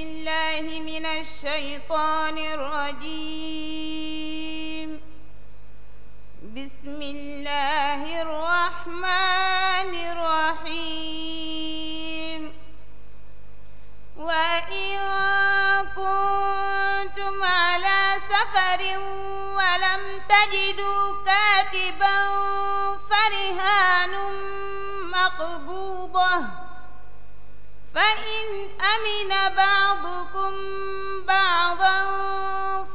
بالله من الشيطان الرجيم بسم الله الرحمن الرحيم وإن كنتم على سفر ولم تجدوا كاتبا فرهان مقبوضه فإن أمن بعضكم بعضا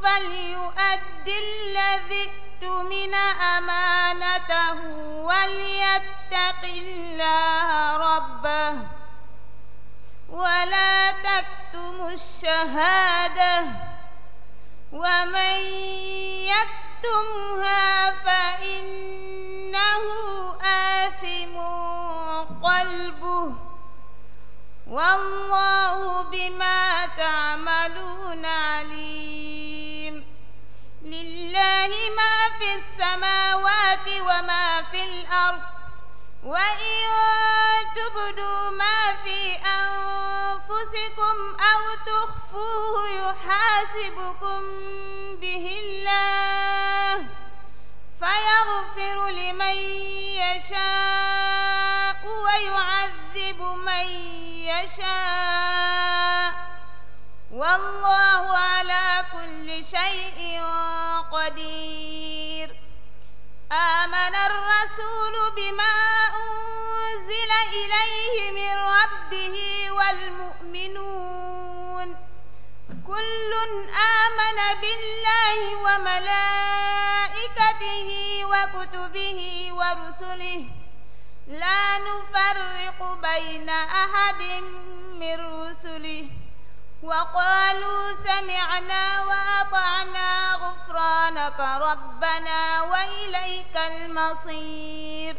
فليؤد الذي اؤتمن أمانته وليتق الله ربه ولا تكتموا الشهادة ومن يكتمها فإن والله بما تعملون عليم لله ما في السماوات وما في الأرض وإن تبدوا ما في أنفسكم أو تخفوه يحاسبكم به الله فيغفر لمن يشاء ويعلم يضلب من يشاء والله على كل شيء قدير آمن الرسول بما أنزل إليه من ربه والمؤمنون كل آمن بالله وملائكته وكتبه ورسله لا نفرق بين أحد من رسله وقالوا سمعنا وأطعنا غفرانك ربنا وإليك المصير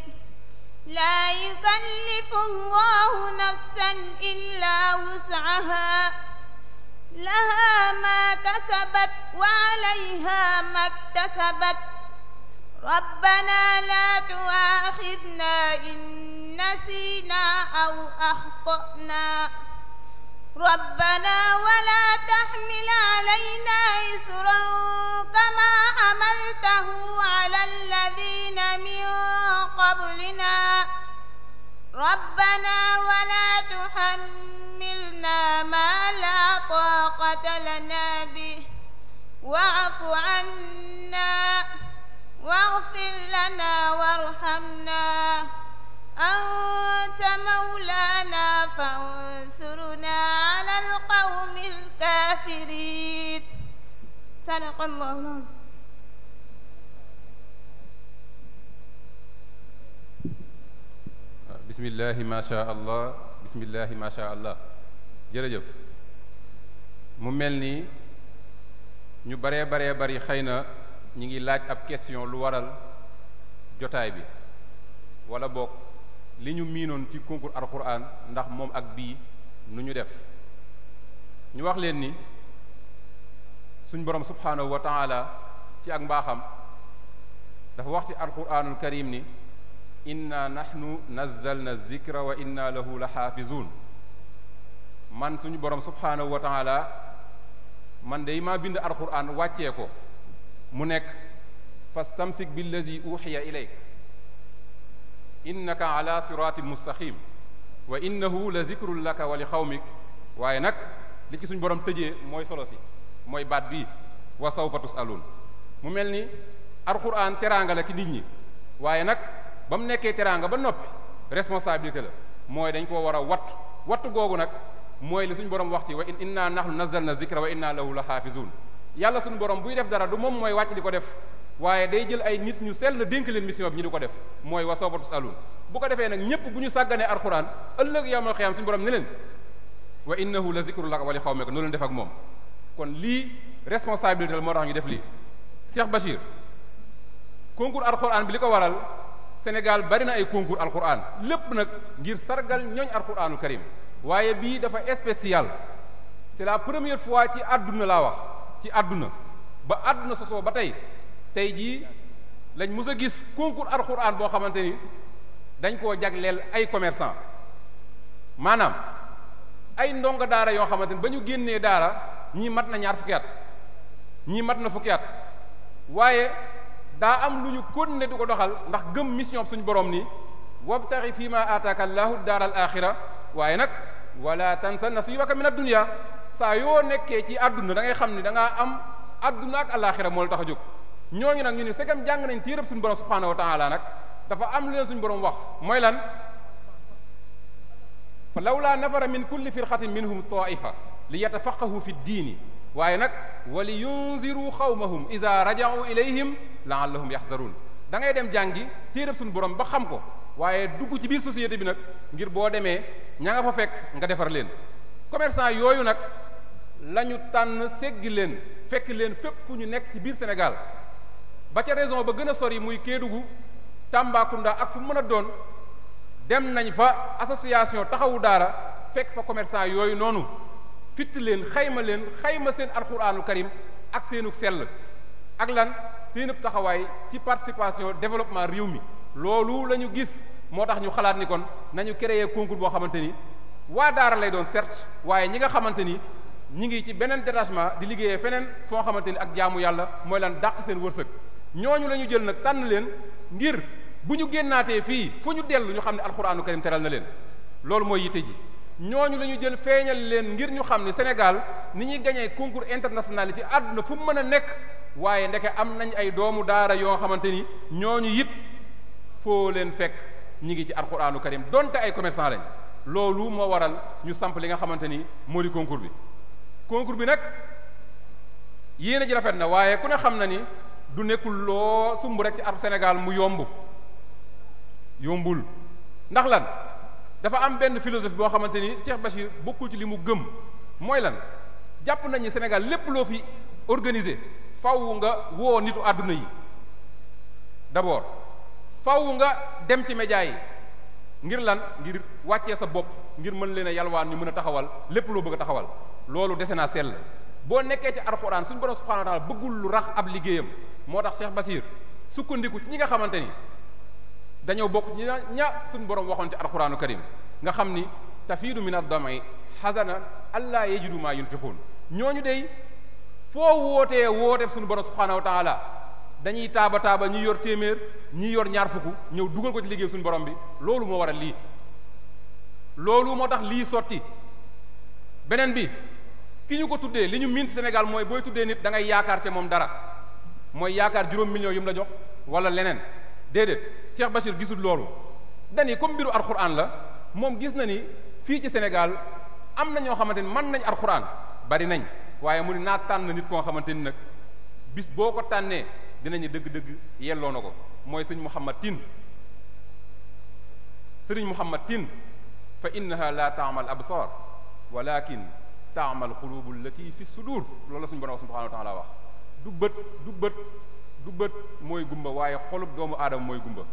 لا يكلف الله نفسا إلا وسعها لها ما كسبت وعليها ما اكتسبت ربنا لا تؤاخذنا إن نسينا أو أخطأنا ربنا ولا تحمل علينا إسرا كما حملته على الذين من قبلنا ربنا ولا تحملنا ما لا طاقة لنا به واعف عنا فاغفر لنا وارحمنا أنت مولانا فانصرنا على القوم الكافرين صدق الله العظيم bismillahi macha allah bismillahi macha allah jërëjëf mu mel ni ñu baree baree bari xëy na ñu ngi laaj ab question lu waral jotaay bi wala boog li ñu miinoon ci concours alquran ndax moom ak bii nu ñu def ñu wax leen ni suñ borom subhanahu wa taala ci ak mbaaxam dafa wax ci alquranul ni inna nahnu na zikra wa inna lahu la xaafizun man suñu borom subhanahu wa taala man day maa bind alquran wàccee ko mu nekk fastamsik billazi uxiya ilayk innaka ala siraatin mustaqim wa innahu la zikrun laka wa li xawmik waaye nag li ci suñ borom tëjee mooy solo mooy baat bii wa sawfa tusaluun mu mel ni alxuraan teraanga la ci nit ñi waaye nag ba mu nekkee teraanga ba noppi responsabilité la mooy dañ koo war a wattu wattu googu nag mooy li suñu borom wax ci wa inna nahnu nazzalna zikra wa inna lahu la xaafizuun yàlla suñu borom buy def dara du moom mooy wàcc di ko def waaye day jël ay nit ñu sell dénk leen mission bi ñu di ko def mooy wa sawfa tusalun bu ko defee nag ñëpp bu ñu sàgganee alxuraan ëllëg yawmal xiyaam suñu borom ne leen wa innahu la zikru laka wa li xawmika noonu leen def ak moom kon lii responsabilité la moo tax ñu def lii Cheikh Bachir concours alxuraan bi li ko waral Sénégal bari na ay concours alxuraan lépp nag ngir sargal ñooñ alxuraanul karim waaye bii dafa spécial c'est la première fois ci àdduna laa wax ci àdduna ba àdduna sosoo ba tey tey jii lañ mus a gis concours alxuraan boo xamante ni dañ koo jagleel ay commerçant maanaam ay ndongo daara yoo xamante ni ba ñu génnee daara ñii mat na ñaar fukki at ñii mat na fukki at waaye daa am lu ñu ne du ko doxal ndax gëm mission suñu borom ni wabtaxi fii ma aataaka llaahu daara al axira waaye nag wala tansa nasiibaka min ad-dunya saa yoo nekkee ci àdduna da ngay xam ni da am àdduna ak alaaxira moo la tax a jóg ñooñu nag ñu ne segam jàng nañ téereb suñu borom subhanahu wa taala nag dafa am lu leen suñu borom wax mooy lan fa lawlaa nafara min kulli firqatin minhum taifa li yatafaqahu fi diini waaye nag wa li yunziru xawmahum ida rajau ilayhim laallahum yaxzaruun da dangay dem jàngi téereb suñu borom ba xam ko waaye dugg ci biir société bi nag ngir boo demee ña nga fa fekk nga defar leen commerçant yooyu nag lañu tànn seggi leen fekk leen fépp fu ñu nekk ci biir Sénégal ba ca raison ba gën a sori muy Kédougou Tambacounda ak fu mën a doon dem nañ fa association taxawu daara fekk fa commerçant yooyu noonu fitt leen xayma leen xayma seen alxuraanul karim ak seenug sell ak lan seenub taxawaay ci participation développement réew mi loolu la ñu gis moo tax ñu xalaat ni kon nañu créer concours boo xamante ni waa daara lay doon certes waaye ñi nga xamante ni ñi ngi ci beneen détachement di liggéeyee feneen foo xamante ni ak jaamu yàlla mooy lan dàq seen wërsëg ñooñu la ñu jël nag tànn leen ngir bu ñu génnaatee fii fu ñu dellu ñu xam ne alxuraanu karim teral na leen loolu mooy yitte ji ñooñu la ñu jël feeñal leen ngir ñu xam ne Sénégal ni ñuy gañee concours international ci àdduna fu mu mën a nekk waaye ndeke am nañ ay doomu daara yoo xamante ni ñooñu it foo leen fekk ñi ngi ci alxuraanu karim donte ay commerçant lañ loolu moo waral ñu samp li nga xamante ni moo di concours bi concours bi nag yéen a ji rafet na waaye ku ne xam na ni du nekkul loo sumb rek ci artu Sénégal mu yomb yombul ndax lan dafa am benn philosophie boo xamante ni Cheikh Bachir bokkul ci li mu gëm mooy lan jàpp nañu Sénégal lépp loo fi organisé faw nga woo nitu àdduna yi d'abord faw nga dem ci média yi ngir lan ngir wàccee sa bopp ngir mën leen a yalwaan ñu mën a taxawal lépp loo bëgg a taxawal loolu dese naa sell boo nekkee ci alxuraan suñu borom subhanahu wa taala bëggul lu rax ab liggéeyam moo tax Cheikh basiir sukkandiku ci ñi nga xamante ni dañoo bokk ñi ña suñu borom waxoon ci alxuraanu karim nga xam ni tafiidu min ad-dam'i xasana allaa yajidu maa yunfiqun ñooñu day foo wootee woote suñu borom subhaanahu wa dañuy taaba taaba ñi yor téeméer ñi yor ñaar fukk ñëw dugal ko ci liggéey suñu borom bi loolu moo waral lii loolu moo tax lii sotti beneen bi ki ñu ko tuddee li ñu miin Sénégal mooy booy tuddee nit da yaakaar ca moom dara mooy yaakaar juróom millions yu mu la jox wala leneen déedéet Cheikh Bachir gisul loolu dani comme mbiru alxuraan la moom gis na ni fii ci Sénégal am na ñoo xamante ni mën nañ alxuraan bari nañ waaye mu ni naa tànn nit koo xamante ni nag bis boo ko tànnee dinañu dëgg-dëgg yelloo na ko mooy sëñ Mouhamad Tine sëriñ Mouhamad Tine fa innaha la taamal absar walakin taamal xulubu allati fi sudur loolu la suñu borom subhanahu wa taala wax du bët du bët du bët mooy gumba waaye xolub doomu aadama mooy gumba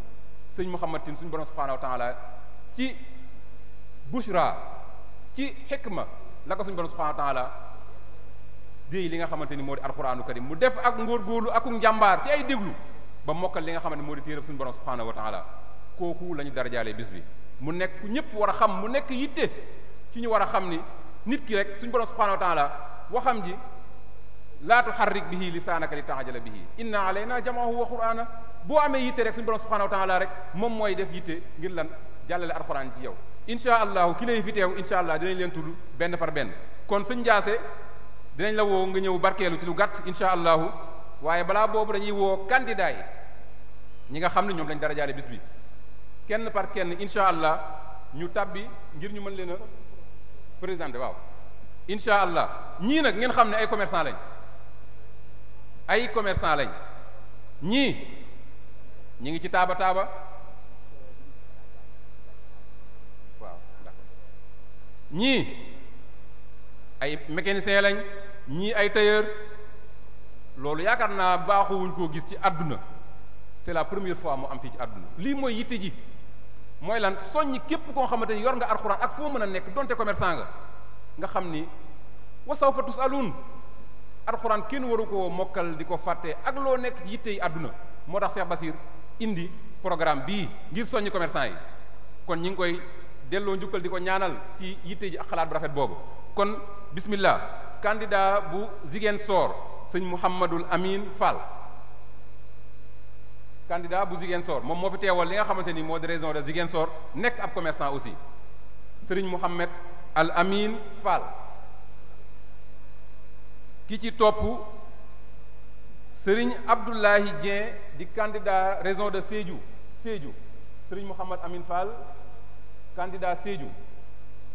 sëñ Muhammad tin suñu borom subhanahu wa taala ci bushra ci xikma la ko suñu borom subhanahu wa taala déy li nga xamante ni moo di alquranu karim mu def ak ngóorgóorlu ak njàmbaar ci ay déglu ba mokkal li nga xamante ni moo di téere suñu borom subhanahu wa taala kooku la ñu darajaale bis bi mu nekk ñëpp war a xam mu nekk yitte ci ñu war a xam ni nit ki rek suñu borom subhanahu wa taala waxam laa tuharrik bihi lisaanaka li taajala bihi inna alayna jamaahu wa qur'ana boo amee yitte rek suñu borom subhanahu wa taala rek moom mooy def yitte ngir lan jàllale alquran ci yow insha allah ki lay fi teew insha allah dinañ leen tudd benn par benn kon sëñ Ndiassé dinañ la woo nga ñëw barkeelu ci lu gàtt insha allah waaye balaa boobu dañuy woo candidat yi ñi nga xam ne ñoom lañ dara jaale bis kenn par kenn insha allah ñu tabbi ngir ñu mën leen a waaw insha allah ñii nag ngeen xam ne ay commerçant lañ ay commerçant lañ ñii ñi ngi ci taaba taaba waaw ñii ay mécanicien lañ ñii ay tailleur loolu yaakaar naa baaxuwuñ koo gis ci àdduna c'est la première fois mu am fii ci àdduna lii mooy yitte ji mooy lan soññ képp koo xamante ni yor nga alxuraan ak foo mën a nekk donte commerçant nga nga xam ni wa sawfa tusaluun alxuraan kenn waru ko mokkal di ko fàtte ak loo nekk ci yitte yi àdduna moo tax Cheikh Basir indi programme bii ngir soññi commerçant yi kon ñi ngi koy delloo njukkal di ko ñaanal ci yitte ji ak xalaat bu rafet boobu kon bismillah candidat bu Ziguinchor sëñ Mouhamadul Amin Fall candidat bu soor moom moo fi teewal li nga xamante ni moo di région de nekk ab commerçant aussi sëriñ Mouhamed Al Amin Fall ki ci topp Serigne Abdoulaye Dieng di candidat région de Sédhiou Sédhiou sëriñ Mouhamad Amin Fall candidat Sédhiou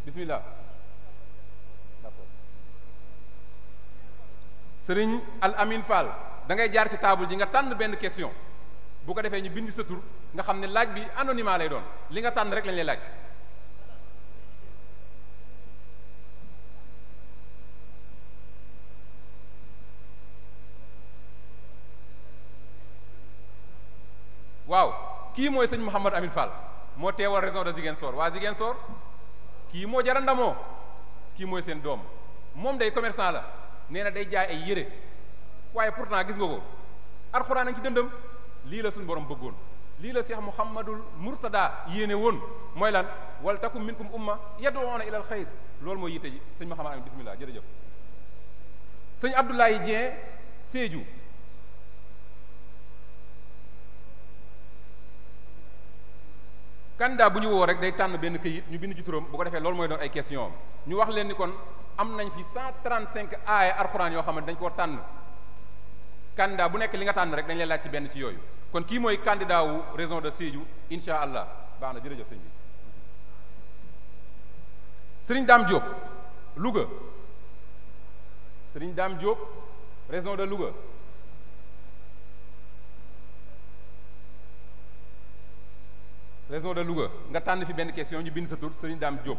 bismillah d'accord Serigne Al Amin Fall dangay jaar ci taabul ji nga tànn benn question bu ko defee ñu bind sa nga xam ne laaj bi anonymat lay doon li nga tànn rek lañ lay laaj waaw kii mooy sëñ Mouhamadou Amine Fall moo teewal région de Ziguinchor waa Ziguinchor kii moo jara ndamoo kii mooy seen doom moom day commerçant la nee na day jaay ay yére waaye naa gis nga ko alxuraan a ngi ci dëndam lii la suñu borom bëggoon lii la Cheikh Mouhamadul Mourtada yéene woon mooy lan wal takum minkum umma yad'una ilal xayr loolu mooy yitte ji sëñ Mouhamadou Amine bismillah jërëjëf sëñ Abdoulaye Dieng Sédhiou candidat bu ñu woo rek day tànn benn këyit ñu bind ci turam bu ko defee loolu mooy doon ay question ñu wax leen ni kon am nañ fi 135 aaya alxuraan yoo xam ne dañ koo tànn candidat bu nekk li nga tànn rek dañ lay laaj ci benn ci yooyu kon kii mooy candidat wu de Sédhiou incha allah baax na jërëjëf sëñ bi sëriñ Dame Diop Louga sëriñ Dame Diop raison de Louga région de Louga nga tànn fi benn question ñu bind sa tur Serigne Dame Diop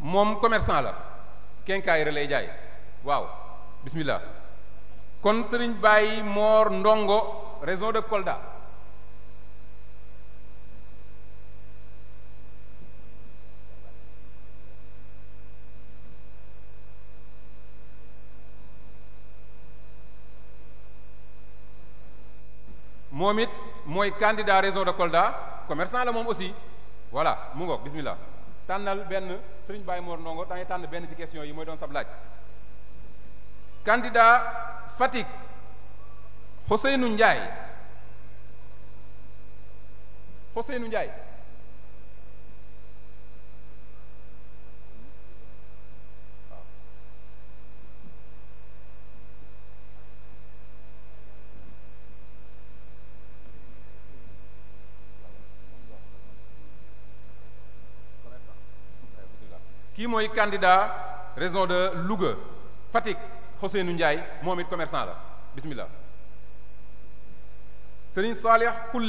moom commerçant la kenkaayira lay jaay waaw bismillah kon Serigne Baye moor Ndongo région de Kolda moom it mooy kandidaa région de Kolda commerçant la moom aussi voilà mu ngoog bismillah tànnal benn sëriñ Baye Mor Ndongo dangay tànn benn ci question yi mooy doon sab laaj candidat Fatick Ousseynou Ndiaye Ousseynou Ndiaye mooy candidat raison de Louga Fatick Ousseynou Ndiaye moom commerçant la bismillah Serigne Salih kii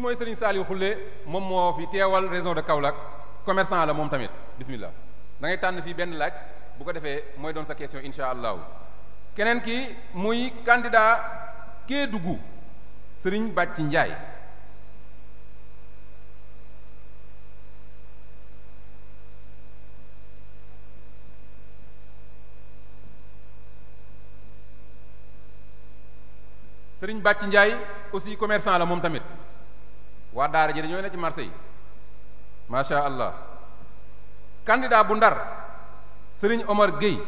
mooy Serigne Salih Khoule moom moo fi teewal raison de Kaolack commerçant la moom tamit bismillah da ngay tànn fii benn laaj bu ko defee mooy doon sa question incha allahu keneen ki muy candidat Kédougou Serigne Bàcci Ndiaye Serigne Bàcci Ndiaye aussi commerçant la moom tamit waa daara ji dañoo ne ci marché yi macha allah candidat bu ndar Serigne Omar Gueye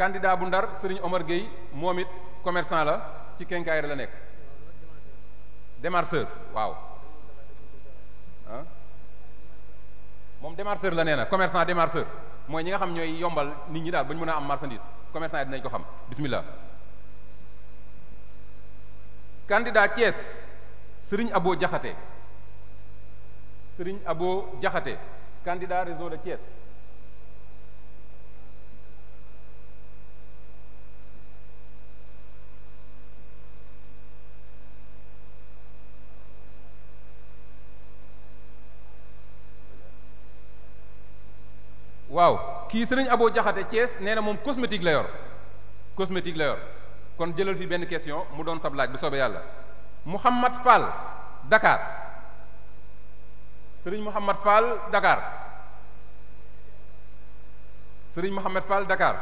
candidat bu Ndar sëriñ Omar Gueye moom it commerçant la ci kenkaayir la nekk démarcheur waaw ah moom démarcheur la nee na commerçant démarcheur mooy ñi nga xam ñooy yombal nit ñi daal ba ñu mën a am marchandise commerçant yi dinañ ko xam bismillah candidat Thiès sëriñ aboo Jaxate sëriñ aboo Jaxate candidat réseau de Thiès waaw kii sëriñ aboo Jaxate Thiès nee na moom cosmétique la yor cosmétique la yor kon jëlal fi benn question mu doon sab laaj bu soobee yàlla Mouhamad Fall dakaar Serigne Mouhamad Fall Dakar sëriñ Mouhamad Fall dakaar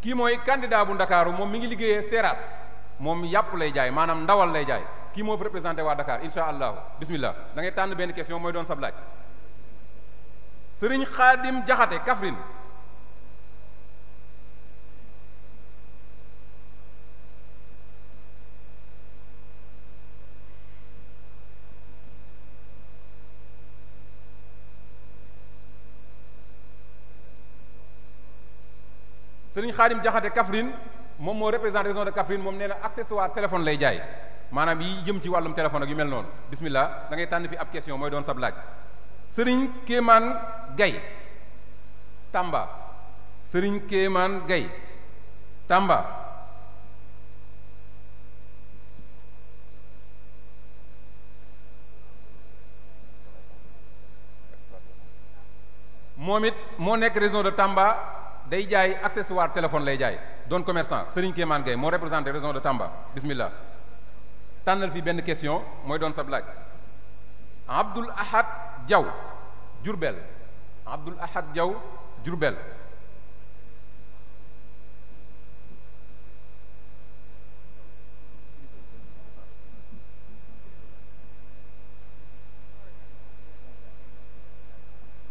kii mooy candidat bu ndakaaru moom mi ngi liggéeyee Seras moom yàpp lay jaay maanaam ndawal lay jaay kii moo fi représenté waa Dakar insha allahu bismillah da tànn benn question mooy doon sablaaj sëriñ Khadim Jaxate kafrin sëriñ xaadim jaxate Kaffrine moom moo représenté région de Kaffrine moom nee na accessoire téléphone lay jaay maanaam yi jëm ci wàllum téléphone ak yu mel noonu bismillah da ngay tànn fi ab question mooy doon sab laaj sëriñ Kéemaan Gay Tamba sëriñ Kéemaan Gay Tamba moom it moo nekk région de Tamba day jaay accessoire téléphone lay jaay doon commerçant Serigne Kémane Gueye moo représenté région de Tamba bismillah tànnal fi benn question mooy doon sab laaj Abdoul Ahad Diaw Diourbel Abdoul Ahad Diaw Diourbel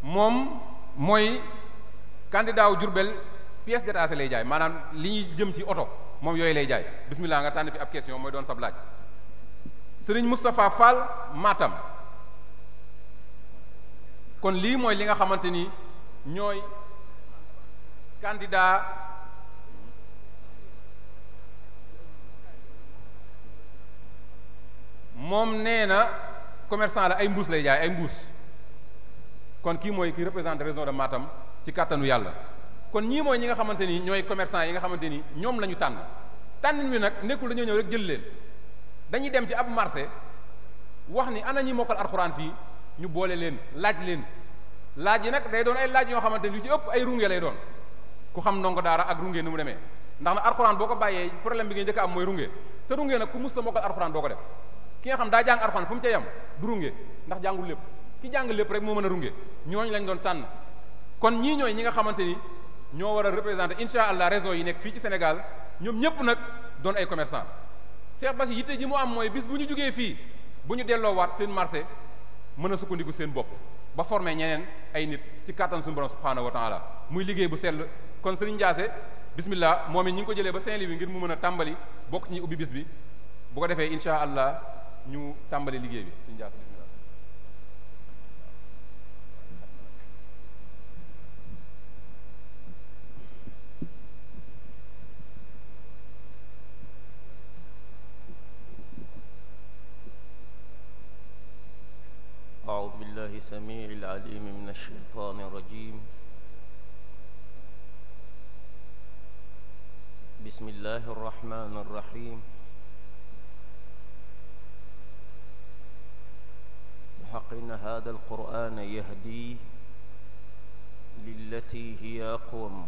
moom mooy candidat wu Diourbel pièce détachée lay jaay maanaam li ñuy jëm ci oto moom yooyu lay jaay bismillah nga tànn fi ab question mooy doon sab laaj sëriñ Moustapha Fall Matam kon lii mooy li nga xamante ni ñooy candidat moom nee na commerçant la ay mbuus lay jaay ay mbuus kon kii mooy ki représente région de Matam ci kàttanu yàlla kon ñii mooy ñi nga xamante ni ñooy commerçant yi nga xamante ni ñoom la ñu tànn tànnin wi nag nekkul dañoo ñëw rek jël leen dañuy dem ci ab marché wax ni ana ñi mokkal alxuraan fii ñu boole leen laaj leen laaj yi nag day doon ay laaj yoo xamante ni lu ci ëpp ay runge lay doon ku xam ndongo daara ak runge ni mu demee ndax na alxuraan boo ko bàyyee problème bi ngay njëkk am mooy runge te runge nag ku mus sa mokkal alxuraan ko def ki xam daa jàng alxuraan fu mu ca yem du runge ndax lépp ki jàng lépp rek moo mën a runge ñooñu lañ doon tànn kon ñii ñooy ñi nga xamante ni ñoo war a représenter incha allah réseau yi nekk fii ci Sénégal ñoom ñëpp nag doon ay commerçant Cheikh Bassi yitte ji mu am mooy bis bu ñu jógee fii bu ñu delloowaat seen marché mën a sukkandiku seen bopp ba formé ñeneen ay nit ci kàttan suñu borom subhaanahu wa taala muy liggéey bu sell kon Serigne Ndiassé bismillah moom it ñi ngi ko jëlee ba Saint-Louis ngir mu mën a tàmbali bokk ñi ubbi bis bi bu ko defee incha allah ñu tàmbali liggéey bi Serigne العليم من الشيطان الرجيم بسم الله الرحمن الرحيم بحق إن هذا القرآن يهدي للتي هي أقوم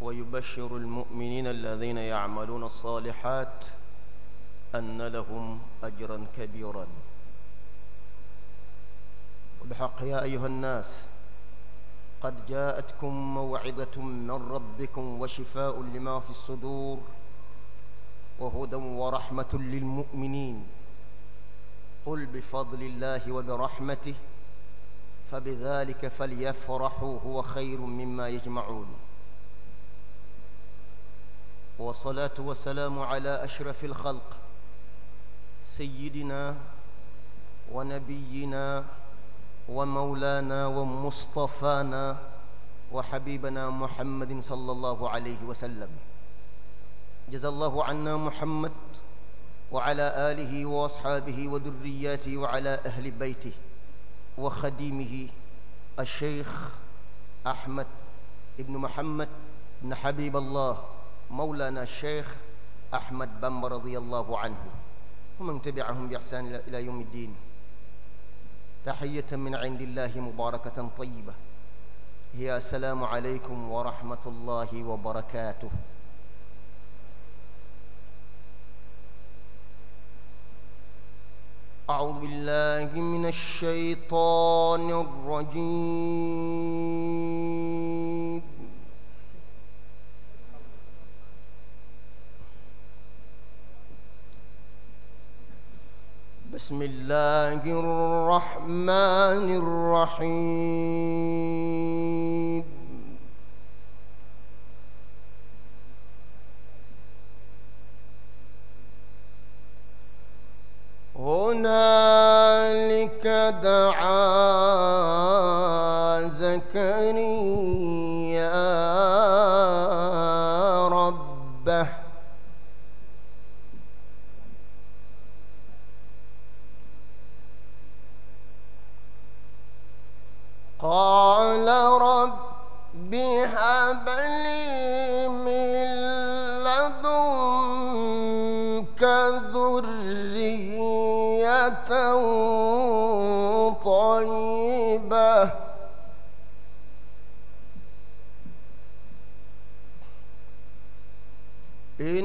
ويبشر المؤمنين الذين يعملون الصالحات أن لهم أجرا كبيرا بحق يا أيها الناس قد جاءتكم موعظة من ربكم وشفاء لما في الصدور وهدى ورحمة للمؤمنين قل بفضل الله وبرحمته فبذلك فليفرحوا هو خير مما يجمعون والصلاة والسلام على أشرف الخلق سيدنا ونبينا ومولانا ومصطفانا وحبيبنا محمد صلى الله عليه وسلم جزى الله عنا محمد وعلى آله وأصحابه وذرياته وعلى أهل بيته وخديمه الشيخ أحمد ابن محمد بن حبيب الله مولانا الشيخ أحمد بن رضي الله عنه ومن تبعهم بإحسان إلى يوم الدين taxiyata min indillahi mubarakatan tayiba hiya assalaamu aleykum wa rahmatullahi wa barakaatuh أعوذ بالله من الشيطان الرجيم بسم الله الرحمن الرحيم هنالك دعاء إنك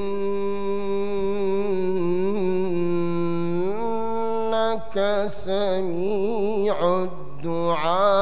سميع الدعاء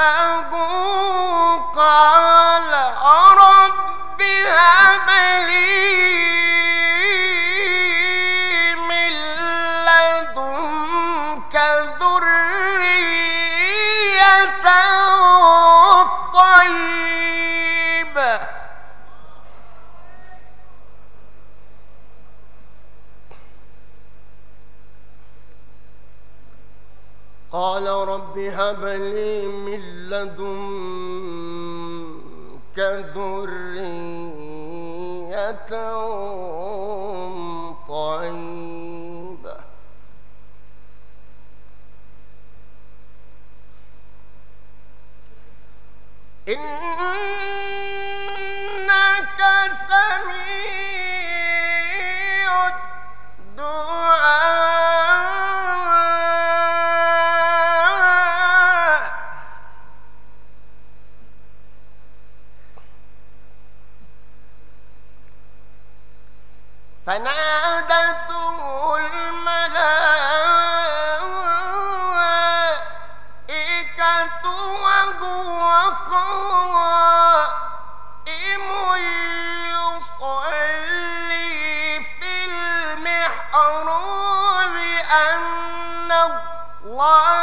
ربه قال فنادته الملائكة وهو قائم يصلي في المحراب أن الله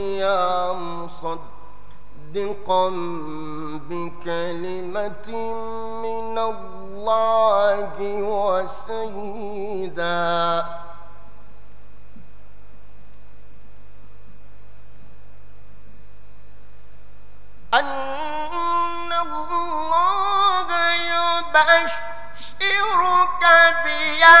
يحيى مصدقا بكلمة من الله وسيدا أن الله يبشرك بيحيى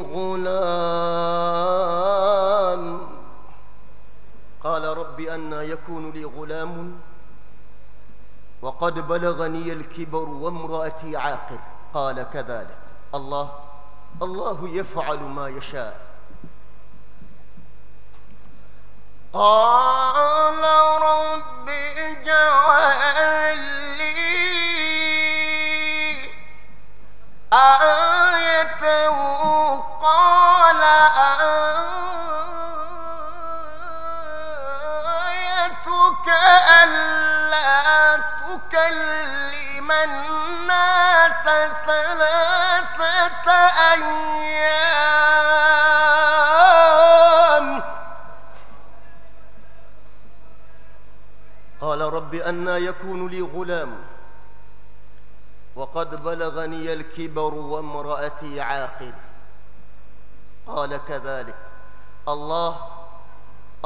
أنا يكون لي غلام وقد بلغني الكبر وامرأتي عاقر قال كذلك الله الله يفعل ما يشاء قال رب اجعل لي آية أنى يكون لي غلام وقد بلغني الكبر وامرأتي عاقل قال كذلك الله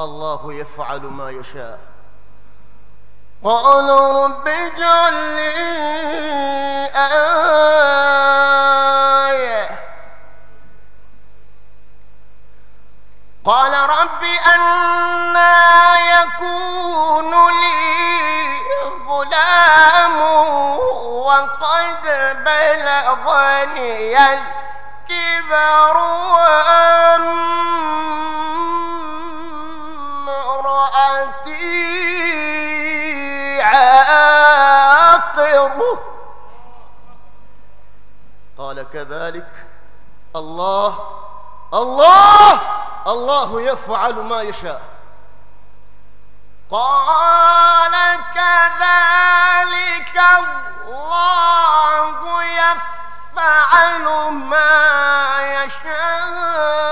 الله يفعل ما يشاء قال رب اجعل لي شفاعتي عاقر قال كذلك الله الله الله يفعل ما يشاء قال كذلك الله يفعل ما يشاء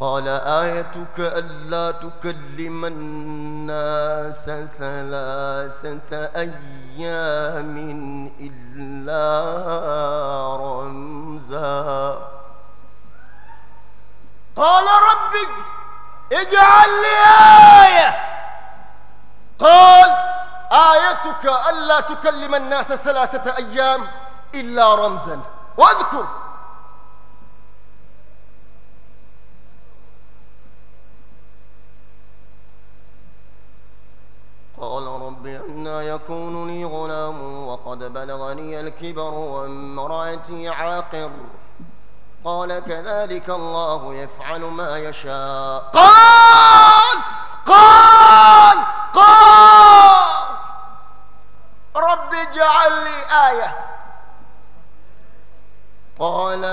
قال آيتك ألا تكلم الناس ثلاثة أيام إلا رمزا قال ربي اجعل لي آية ألا تكلم الناس ثلاثة أيام إلا رمزا واذكر قال رب أنا يكون لي غلام وقد بلغني الكبر وامرأتي عاقر قال كذلك الله يفعل ما يشاء قال قال قال رب اجعل لي آية قال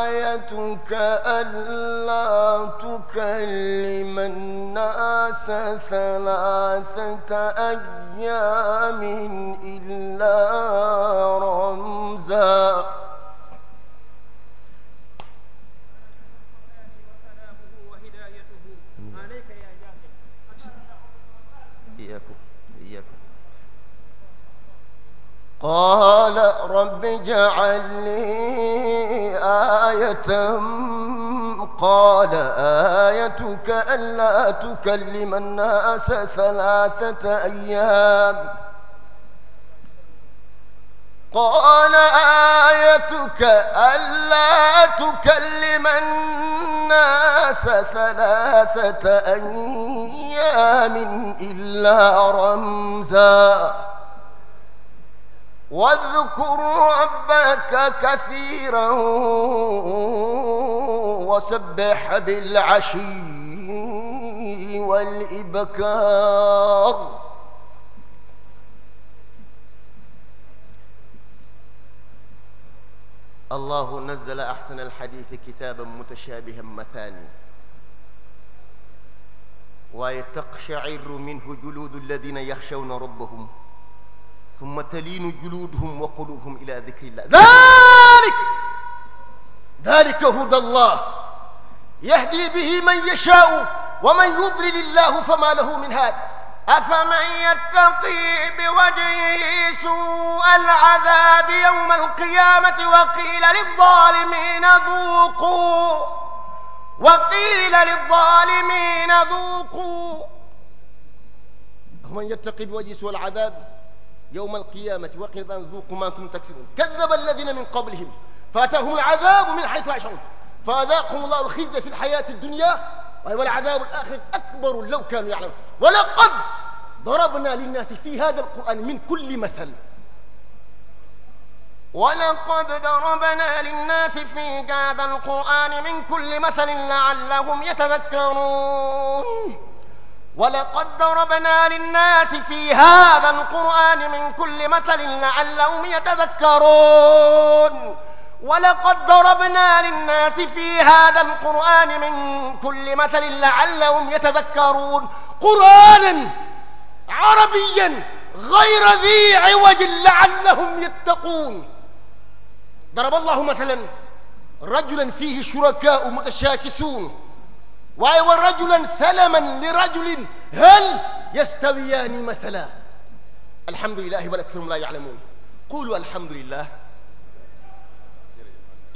آيتك ألا تكلم الناس ثلاثة أيام إلا رمزاً قال رب اجعل لي آية قال آيتك ألا تكلم الناس ثلاثة أيام قال آيتك ألا تكلم الناس ثلاثة أيام إلا رمزاً واذكر ربك كثيرا وسبح بالعشي والإبكار الله نزل أحسن الحديث كتابا متشابها مثاني ويتقشعر منه جلود الذين يخشون ربهم summa taliinu juluuduhum wa quluubuhum ila dikrillah dalik dalika huda allah yahdi bihi man yashaau wa man yudlil illahu fama lahu min haad afaman yattaqi biwajhihi suua alcadaabi yawma alqiyamati wa qiila lilzalimina duuquu wa qiila lilzalimina duuquu afaman yattaqi biwajhihi suua alcadaabi yawma alqiyamati wa qila zuqu ma kuntum taksibun kadaba alladina min qablihim faatahum alazabu min haythu la yash'urun faadaqahum allahu alxizya fi alhayati addunya waladabu alaxirati akbaru law kanu ya'lamun wa laqad darabna linnaasi fi hada alquran min kulli mathal ولقد ضربنا للناس في هذا القرآن من كل مثل لعلهم يتذكرون ولقد ضربنا للناس في هذا القرآن من كل مثل لعلهم يتذكرون ولقد ضربنا للناس في هذا القرآن من كل مثل لعلهم يتذكرون قرآنا عربيا غير ذي عوج لعلهم يتقون ضرب الله مثلا رجلا فيه شركاء متشاكسون waaye wa rajulan salaman li rajulin hal yastawiyaani mathala alhamdulilahi bal aktharuhum laa ya'lamuun qulu alhamdulillah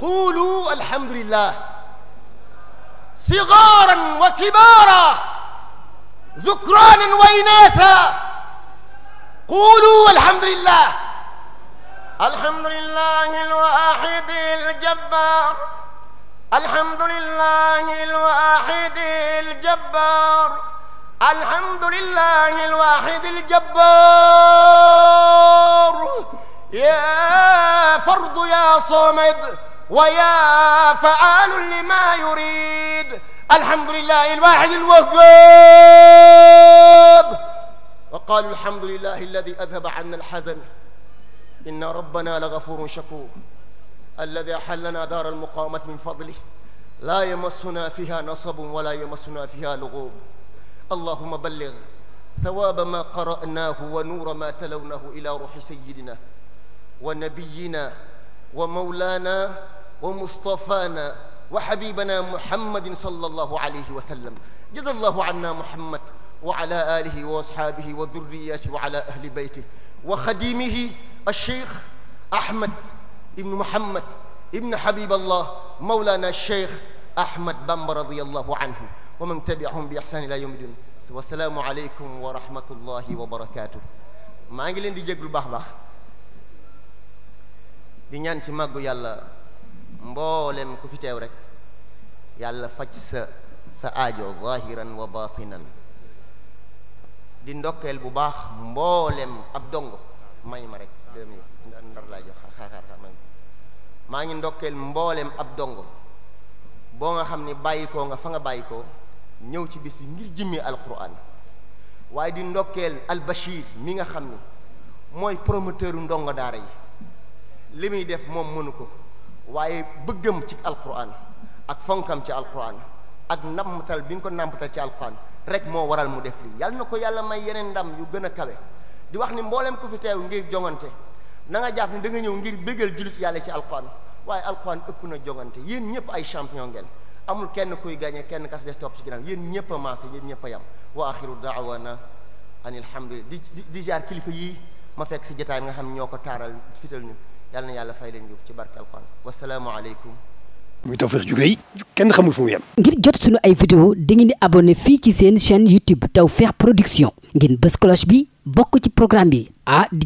qulu alhamdulillah sigaaran wa kibaaran dhukraanan wa inaathan qulu alhamdulillah alhamdulillahi al-waahidi al-jabbaar الحمد لله الواحد الجبار الحمد لله الواحد الجبار يا فرض يا صمد ويا فعال لما يريد الحمد لله الواحد الوهاب وقالوا الحمد لله الذي أذهب عنا الحزن إن ربنا لغفور شكور الذي أحلنا دار المقامة من فضله لا يمسنا فيها نصب ولا يمسنا فيها لغوب اللهم بلغ ثواب ما قرأناه ونور ما تلوناه إلى روح سيدنا ونبينا ومولانا ومصطفانا وحبيبنا محمد صلى الله عليه وسلم جزى الله عنا محمد وعلى آله وأصحابه وذرياته وعلى أهل بيته وخديمه الشيخ أحمد ibnu muhammad ibnu habiballah mawlana cheikh ahmad bamba radiallahu anhu wa man tabiahum bi ihsan ila yawmi din wasalaamu aleykum wa rahmatullahi wa barakaatu maa ngi leen di jéglu baax baax di ñaan ci màggu yàlla mboolem ku fi teew rek yàlla faj sa sa aajo zahiran wa batinan di ndokkeel bu baax mboolem ab dong may ma rek ndar laa jox maa ngi ndokkeel mbooleem ab dongo boo nga xam ni bàyyikoo nga fa nga bàyyikoo ñëw ci bis bi ngir jëmmee alquran waaye di ndokkeel albashir mi nga xam ni mooy promoteur u ndongo daara yi li muy def moom mënu ko waaye bëggam ci alquran ak fonkam ci alquran ak nammatal bi nga ko nàmpatal ci alquran rek moo waral mu def li yàlla na ko yàlla may yeneen ndam yu gën a kawe di wax ni mbooleem ku fi teew ngir jongante na jàpp ne da nga ñëw ngir bégal jullit yàlla ci alquran waaye alquran ëpp na jogante yéen ñëpp ay champion ngeen amul kenn kuy gagné kenn kas des topp ñëpp a maase yéen ñëpp a yam wa axiru daawana an alhamdulillah di di jaar kilifa yii ma fekk si jotaay nga xam ñoo ko taaral fital ñu yàlla na yàlla fay leen yóbbu ci barke alquran wasalaamualeykum. muy Tawfekh ju rëy kenn xamul fu mu ngir jot sunu ay vidéo dangeen di abonné fii ci seen chaîne YouTube Tawfekh Production ngeen bës cloche bi bokk ci bi ah di